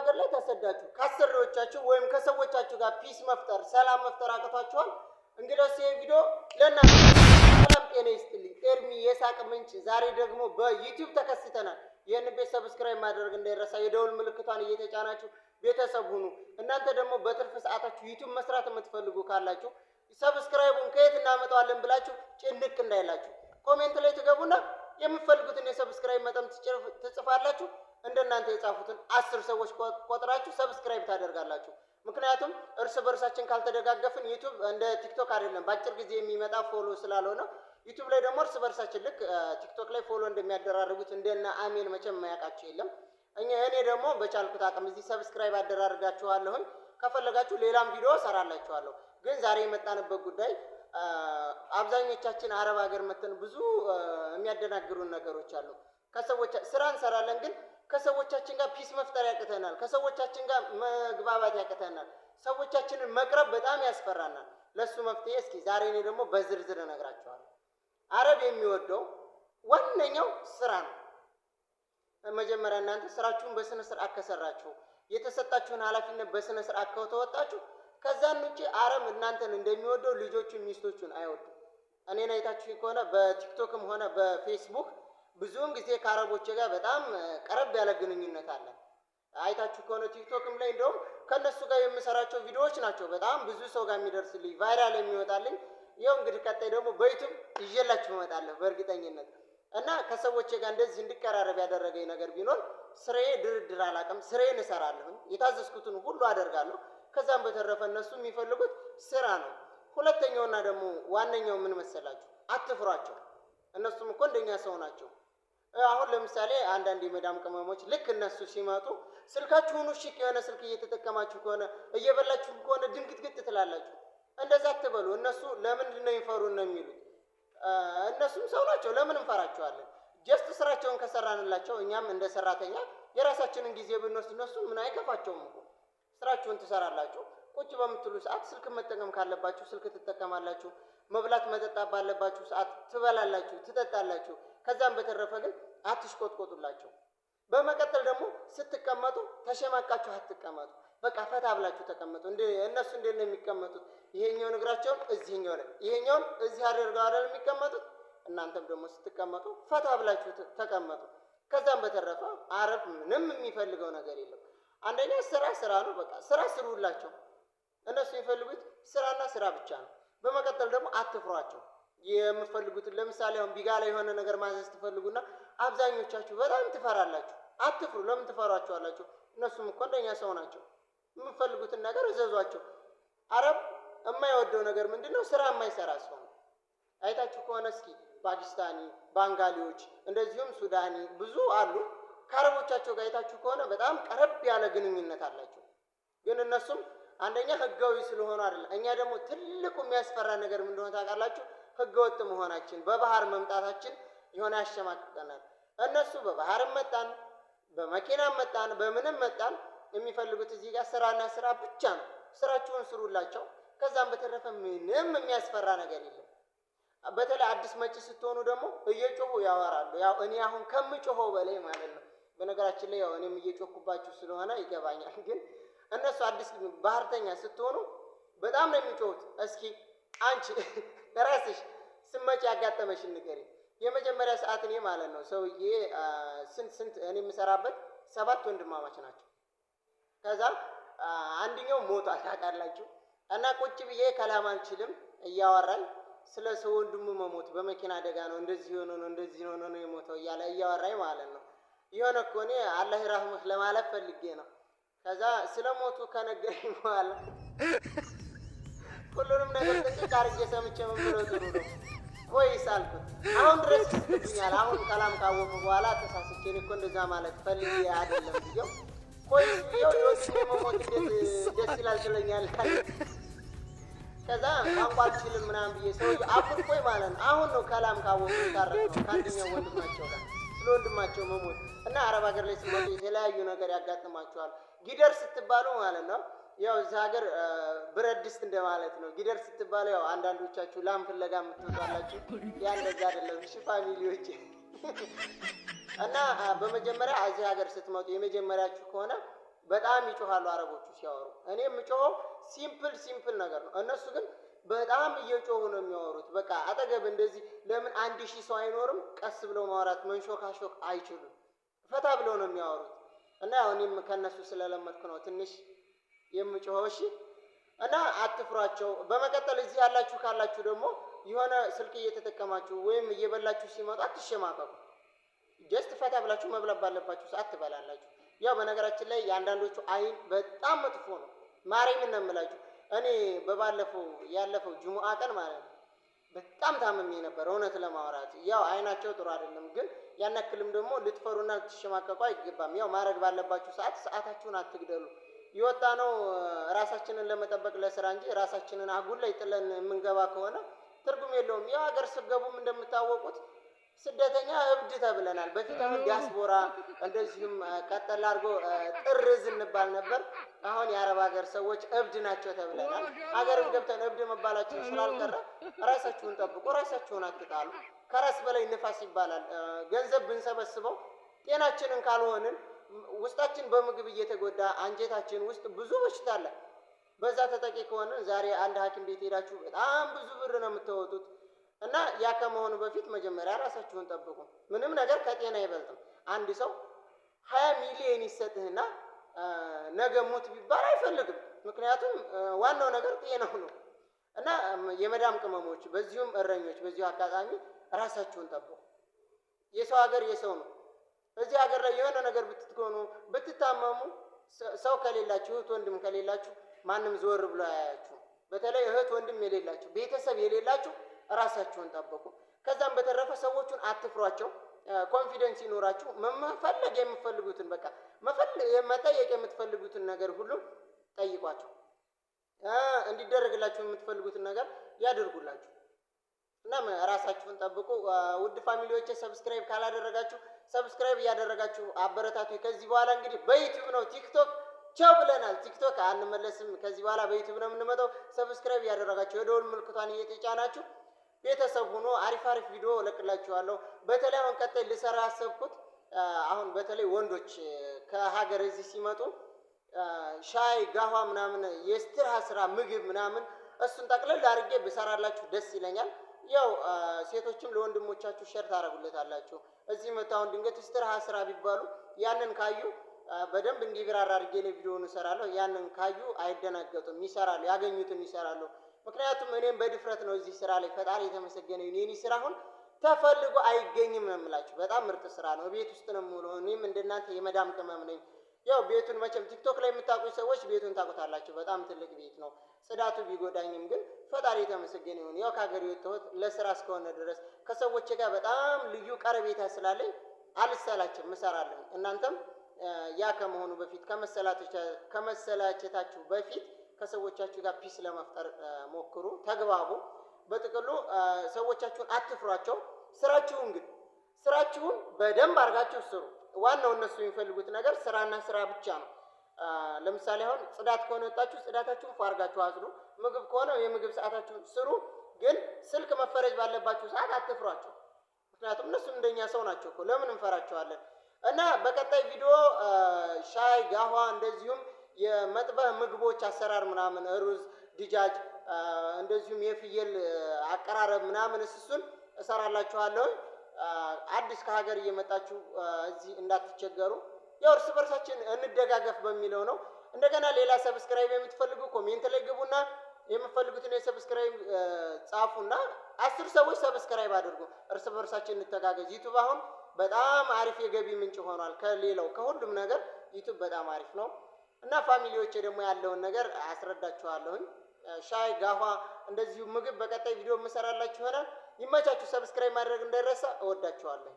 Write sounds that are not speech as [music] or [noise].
ሀገር ላይ ተሰዳችሁ ከአሰሪዎቻችሁ ወይም ከሰዎቻችሁ ጋር ፒስ መፍጠር ሰላም መፍጠር አቅቷችኋል። እንግዲህ ይህ ቪዲዮ ለእናንተ ሰላም ጤና ይስጥልኝ። ኤርሚ የሳቅ ምንጭ። ዛሬ ደግሞ በዩቲዩብ ተከስተናል። ይህን ቤት ሰብስክራይብ ማድረግ እንዳይረሳ፣ የደውል ምልክቷን እየተጫናችሁ ቤተሰብ ሁኑ። እናንተ ደግሞ በትርፍ ሰዓታችሁ ዩቲዩብ መስራት የምትፈልጉ ካላችሁ ሰብስክራይቡን ከየት እናመጣዋለን ብላችሁ ጭንቅ እንዳይላችሁ፣ ኮሜንት ላይ ትገቡና የምትፈልጉትን የሰብስክራይብ መጠን ትጽፋላችሁ። እንደናንተ የጻፉትን አስር ሰዎች ቆጥራችሁ ሰብስክራይብ ታደርጋላችሁ። ምክንያቱም እርስ በርሳችን ካልተደጋገፍን ዩቱብ እንደ ቲክቶክ አይደለም፣ በአጭር ጊዜ የሚመጣ ፎሎ ስላልሆነ ዩቱብ ላይ ደግሞ እርስ በርሳችን ልክ ቲክቶክ ላይ ፎሎ እንደሚያደራርጉት እንደነ አሜን መቼም የማያውቃቸው የለም። እኛ እኔ ደግሞ በቻልኩት አቅም እዚህ ሰብስክራይብ አደራርጋችኋለሁኝ። ከፈለጋችሁ ሌላም ቪዲዮ ሰራላችኋለሁ። ግን ዛሬ የመጣንበት ጉዳይ አብዛኞቻችን አረብ ሀገር መተን ብዙ የሚያደናግሩን ነገሮች አሉ። ከሰዎች ስራ እንሰራለን ግን ከሰዎቻችን ጋር ፒስ መፍጠር ያቅተናል። ከሰዎቻችን ጋር መግባባት ያቅተናል። ሰዎቻችንን መቅረብ በጣም ያስፈራናል። ለሱ መፍትሄ እስኪ ዛሬ እኔ ደግሞ በዝርዝር እነግራቸዋለሁ። አረብ የሚወደው ዋነኛው ስራ ነው። መጀመሪያ እናንተ ስራችሁን በስነ ስርዓት ከሰራችሁ፣ የተሰጣችሁን ኃላፊነት በስነ ስርዓት ከተወጣችሁ፣ ከዛን ውጭ አረብ እናንተን እንደሚወደው ልጆቹን ሚስቶቹን አይወዱም። እኔን አይታችሁ ከሆነ በቲክቶክም ሆነ በፌስቡክ ብዙውን ጊዜ ከአረቦች ጋር በጣም ቀረብ ያለ ግንኙነት አለ። አይታችሁ ከሆነ ቲክቶክም ላይ እንደውም ከነሱ ጋር የምሰራቸው ቪዲዮዎች ናቸው በጣም ብዙ ሰው ጋር የሚደርስልኝ ቫይራል የሚወጣልኝ። ይኸው እንግዲህ ቀጣይ ደግሞ በዩቱብ ይዤላችሁ እመጣለሁ በእርግጠኝነት። እና ከሰዎች ጋር እንደዚህ እንዲቀራረብ ያደረገኝ ነገር ቢኖር ስራዬ ድርድር አላውቅም። ስራዬን እሰራለሁ፣ የታዘዝኩትን ሁሉ አደርጋለሁ። ከዛም በተረፈ እነሱ የሚፈልጉት ስራ ነው። ሁለተኛውና ደግሞ ዋነኛው ምን መሰላችሁ? አትፍሯቸው። እነሱም እኮ እንደኛ ሰው ናቸው። አሁን ለምሳሌ አንዳንድ የመዳም ቅመሞች ልክ እነሱ ሲመጡ ስልካችሁን ሽቅ የሆነ ስልክ እየተጠቀማችሁ ከሆነ እየበላችሁ ከሆነ ድንግጥግጥ ትላላችሁ። እንደዛ ትበሉ እነሱ ለምንድን ነው ይፈሩን ነው የሚሉት። እነሱም ሰው ናቸው። ለምን እንፈራቸዋለን? ጀስት ስራቸውን ከሰራንላቸው እኛም እንደ ሰራተኛ የራሳችንን ጊዜ ብንወስድ እነሱ ምን አይከፋቸውም እኮ ስራችሁን ትሰራላችሁ። ቁጭ በምትሉ ሰዓት ስልክ መጠቀም ካለባችሁ ስልክ ትጠቀማላችሁ። መብላት መጠጣት ባለባችሁ ሰዓት ትበላላችሁ፣ ትጠጣላችሁ። ከዛም በተረፈ ግን አትሽቆጥቆጡላቸው። በመቀጠል ደግሞ ስትቀመጡ ተሸማቃችሁ አትቀመጡ። በቃ ፈታ ብላችሁ ተቀመጡ። እንደ እነሱ እንዴት ነው የሚቀመጡት? ይሄኛውን እግራቸውን እዚህኛው ላይ ይሄኛውን እዚህ አድርገው አይደል የሚቀመጡት? እናንተም ደግሞ ስትቀመጡ ፈታ ብላችሁ ተቀመጡ። ከዛም በተረፈ አረብ ምንም የሚፈልገው ነገር የለም። አንደኛ ስራ ስራ ነው። በቃ ስራ ስሩላቸው። እነሱ የሚፈልጉት ስራና ስራ ብቻ ነው። በመቀጠል ደግሞ አትፍሯቸው። የምትፈልጉትን ለምሳሌ አሁን ቢጋላ የሆነ ነገር ማዘዝ ትፈልጉና አብዛኞቻችሁ በጣም ትፈራላችሁ። አትፍሩ። ለምን ትፈሯቸዋላችሁ? እነሱም እኮ እንደኛ ሰው ናቸው። የምትፈልጉትን ነገር እዘዟቸው። አረብ የማይወደው ነገር ምንድን ነው? ስራ የማይሰራ ሰው ነው። አይታችሁ ከሆነ እስኪ ፓኪስታኒ፣ ባንጋሊዎች እንደዚሁም ሱዳኒ ብዙ አሉ። ከአረቦቻቸው ጋር አይታችሁ ከሆነ በጣም ቀረብ ያለ ግንኙነት አላቸው። ግን እነሱም አንደኛ ህጋዊ ስለሆነ አይደለም። እኛ ደግሞ ትልቁ የሚያስፈራ ነገር ምን እንደሆነ ታውቃላችሁ? ህገወጥ መሆናችን በባህር መምጣታችን የሆነ ያሸማቅቀናል። እነሱ በባህርም መጣን፣ በመኪናም መጣን፣ በምንም መጣን የሚፈልጉት እዚህ ጋር ስራና ስራ ብቻ ነው። ስራችሁን ስሩላቸው። ከዛም በተረፈ ምንም የሚያስፈራ ነገር የለም። በተለይ አዲስ መጪ ስትሆኑ ደግሞ እየጮሁ ያወራሉ። ያው እኔ አሁን ከምጮኸው በላይ ማለት ነው። በነገራችን ላይ ያው እኔም እየጮኩባችሁ ስለሆነ ይገባኛል ግን እነሱ አዲስ ባህርተኛ ስትሆኑ በጣም ነው የሚጮሁት። እስኪ አንቺ ራስሽ ስመጪ ያጋጠመሽን ንገሪ። የመጀመሪያ ሰዓት እኔ ማለት ነው ሰውዬ ስንት ስንት እኔ የምሰራበት ሰባት ወንድማማች ናቸው። ከዛ አንድኛው ሞቷ ታውቃላችሁ። እና ቁጭ ብዬ ከላም አልችልም እያወራኝ ስለ ሰው ወንድሙ መሞት በመኪና አደጋ ነው እንደዚህ ሆኖ ነው እንደዚህ ሆኖ ነው የሞተው እያለ እያወራኝ ማለት ነው የሆነ እኮ እኔ አላህ ይራህምህ ለማለት ፈልጌ ነው ከዛ ስለ ሞቱ ከነገረኝ በኋላ ሁሉንም ነገር ጥቂት አርጌ ሰምቼ ምን ብሎ ጥሩ ነው ወይስ አልኩት። አሁን ድረስ ይስብኛል። አሁን ከላም ካወቁ በኋላ ተሳስቼ እኮ እንደዛ ማለት ፈልጌ አይደለም ብየው ኮይስ ብየው ሌሎች መሞት እንዴት ደስ ይላል ትለኛል። ከዛ ቋንቋ አልችልም ምናምን ብዬ ሰው አፉን ቆይ ማለት ነው። አሁን ነው ከላም ካወቁ ታረቅ ነው ከአንደኛው ወንድማቸው ጋር ስለ ወንድማቸው መሞት እና አረብ ሀገር ላይ ስትመጡ የተለያዩ ነገር ያጋጥማቸዋል። ጊደር ስትባሉ ማለት ነው ያው እዚህ ሀገር ብረት ድስት እንደማለት ነው። ጊደር ስትባሉ ያው አንዳንዶቻችሁ ላም ፍለጋ የምትወጣላችሁ ያንደዚ አደለም አይደለም። ፋሚሊዎች [laughs] እና በመጀመሪያ እዚህ ሀገር ስትመጡ የመጀመሪያችሁ ከሆነ በጣም ይጮኋሉ አረቦቹ ሲያወሩ። እኔ የምጮኸው ሲምፕል ሲምፕል ነገር ነው። እነሱ ግን በጣም እየጮሁ ነው የሚያወሩት። በቃ አጠገብ እንደዚህ ለምን አንድ ሺህ ሰው አይኖርም? ቀስ ብለው ማውራት መንሾካሾክ አይችሉም። ፈታ ብለው ነው የሚያወሩት እና ያው እኔም ከእነሱ ስለለመድኩ ነው ትንሽ የምጮኸው። እሺ እና አትፍሯቸው። በመቀጠል እዚህ ያላችሁ ካላችሁ ደግሞ የሆነ ስልክ እየተጠቀማችሁ ወይም እየበላችሁ ሲመጡ አትሸማቀቁ። ጀስት ፈታ ብላችሁ መብላት ባለባችሁ ሰዓት ትበላላችሁ። ያው በነገራችን ላይ የአንዳንዶቹ አይን በጣም መጥፎ ነው። ማርያምን ነው የምላችሁ እኔ በባለፈው ያለፈው ጅሙአ ቀን ማለት ነው በጣም ታምሜ ነበር። እውነት ለማውራት ያው አይናቸው ጥሩ አይደለም፣ ግን ያናክልም ደግሞ ልትፈሩና ልትሸማቀቁ አይገባም። ያው ማድረግ ባለባችሁ ሰዓት ሰዓታችሁን አትግደሉ። የወጣ ነው ራሳችንን ለመጠበቅ ለስራ እንጂ ራሳችንን አጉል ላይ ጥለን የምንገባ ከሆነ ትርጉም የለውም። ያው ሀገር ስገቡም እንደምታወቁት ስደተኛ እብድ ተብለናል። በፊት አሁን ዲያስፖራ እንደዚሁም ቀጠል አድርጎ ጥርዝ እንባል ነበር። አሁን የአረብ ሀገር ሰዎች እብድ ናቸው ተብለናል። ሀገርም ገብተን እብድ መባላችን ስላልቀረ ራሳችሁን ጠብቁ፣ ራሳችሁን አትጣሉ። ከራስ በላይ ንፋስ ይባላል። ገንዘብ ብንሰበስበው ጤናችንን ካልሆንን ውስጣችን በምግብ እየተጎዳ አንጀታችን ውስጥ ብዙ በሽታ አለ። በዛ ተጠቂ ከሆነ ዛሬ አንድ ሐኪም ቤት ሄዳችሁ በጣም ብዙ ብር ነው የምታወጡት። እና ያ ከመሆኑ በፊት መጀመሪያ ራሳችሁን ጠብቁ። ምንም ነገር ከጤና አይበልጥም። አንድ ሰው ሀያ ሚሊዮን ይሰጥህና ነገ ሞት ቢባል አይፈልግም። ምክንያቱም ዋናው ነገር ጤናው ነው። እና የመዳም ቅመሞች፣ በዚሁም እረኞች፣ በዚሁ አጋጣሚ ራሳችሁን ጠብቁ። የሰው ሀገር የሰው ነው። እዚህ ሀገር ላይ የሆነ ነገር ብትትኮኑ ብትታመሙ፣ ሰው ከሌላችሁ፣ እህት ወንድም ከሌላችሁ ማንም ዞር ብሎ አያያችሁ። በተለይ እህት ወንድም የሌላችሁ ቤተሰብ የሌላችሁ ራሳችሁን ጠብቁ። ከዛም በተረፈ ሰዎቹን አትፍሯቸው። ኮንፊደንስ ይኖራችሁ መፈለግ የምትፈልጉትን በቃ መጠየቅ የምትፈልጉትን ነገር ሁሉ ጠይቋቸው። እንዲደረግላችሁ የምትፈልጉትን ነገር ያደርጉላችሁ። እናም ራሳችሁን ጠብቁ። ውድ ፋሚሊዎቼ ሰብስክራይብ ካላደረጋችሁ ሰብስክራይብ እያደረጋችሁ አበረታቱ። ከዚህ በኋላ እንግዲህ በዩቲዩብ ነው ቲክቶክ ቸው ብለናል። ቲክቶክ አንመለስም። ከዚህ በኋላ በዩቲዩብ ነው የምንመጣው። ሰብስክራይብ እያደረጋችሁ የደወል ምልክቷን እየተጫናችሁ ቤተሰብ ሆኖ አሪፍ አሪፍ ቪዲዮ እለቅላችኋለሁ። በተለይ አሁን ቀጣይ ልሰራ ያሰብኩት አሁን በተለይ ወንዶች ከሀገር እዚህ ሲመጡ ሻይ ጋኋ ምናምን የስትራ ስራ ምግብ ምናምን እሱን ጠቅለል አድርጌ ብሰራላችሁ ደስ ይለኛል። ያው ሴቶችም ለወንድሞቻችሁ ሸር ታደርጉለታላችሁ። እዚህ መጥተው አሁን ድንገት ስትራሃ ስራ ቢባሉ ያንን ካዩ በደንብ እንዲብራራ አድርጌ እኔ ቪዲዮውን እሰራለሁ። ያንን ካዩ አይደናገጡም፣ ይሰራሉ። ያገኙትም ይሰራሉ። ምክንያቱም እኔም በድፍረት ነው እዚህ ስራ ላይ ፈጣሪ የተመሰገነ ይሁን። የኔ ስራ አሁን ተፈልጎ አይገኝም ነው የምላችሁ። በጣም ምርጥ ስራ ነው። ቤት ውስጥ ነው የምውለው። እኔም እንደናንተ የመዳም ቅመም ነኝ። ያው ቤቱን መቼም ቲክቶክ ላይ የምታውቁኝ ሰዎች ቤቱን ታውቁታላችሁ። በጣም ትልቅ ቤት ነው። ጽዳቱ ቢጎዳኝም ግን ፈጣሪ የተመሰገነ ይሁን። ያው ከሀገር የወጣሁት ለስራ እስከሆነ ድረስ ከሰዎች ጋር በጣም ልዩ ቀረቤታ ስላለኝ አልሰላችም፣ እሰራለሁ። እናንተም ያ ከመሆኑ በፊት ከመሰላቸታችሁ በፊት ከሰዎቻችሁ ጋር ፒስ ለመፍጠር ሞክሩ፣ ተግባቡ። በጥቅሉ ሰዎቻችሁን አትፍሯቸው። ስራችሁን ግን ስራችሁን በደንብ አድርጋችሁ ስሩ። ዋናው እነሱ የሚፈልጉት ነገር ስራና ስራ ብቻ ነው። ለምሳሌ አሁን ጽዳት ከሆነ ወጣችሁ ጽዳታችሁን ፏ አድርጋችሁ ምግብ ከሆነ የምግብ ሰዓታችሁን ስሩ። ግን ስልክ መፈረጅ ባለባችሁ ሰዓት አትፍሯቸው። ምክንያቱም እነሱም እንደኛ ሰው ናቸው እኮ ለምን እንፈራቸዋለን? እና በቀጣይ ቪዲዮ ሻይ ጋኋ እንደዚሁም የመጥበህ ምግቦች አሰራር ምናምን ሩዝ፣ ድጃጅ እንደዚሁም የፍየል አቀራረብ ምናምን እሱን እሰራላችኋለሁ። አዲስ ከሀገር እየመጣችሁ እዚህ እንዳትቸገሩ። ያው እርስ በርሳችን እንደጋገፍ በሚለው ነው። እንደገና ሌላ ሰብስክራይብ የምትፈልጉ ኮሜንት ላይ ግቡና የምትፈልጉትን የሰብስክራይብ ጻፉና አስር ሰዎች ሰብስክራይብ አድርጉ። እርስ በርሳችን እንተጋገዝ። ዩቱብ አሁን በጣም አሪፍ የገቢ ምንጭ ሆኗል። ከሌላው ከሁሉም ነገር ዩቱብ በጣም አሪፍ ነው። እና ፋሚሊዎች ደግሞ ያለውን ነገር አስረዳችኋለሁኝ። ሻይ ጋፋ፣ እንደዚሁ ምግብ በቀጣይ ቪዲዮ የምሰራላችሁ ይሆናል። ይመቻችሁ። ሰብስክራይብ ማድረግ እንደረሳ። እወዳችኋለሁ።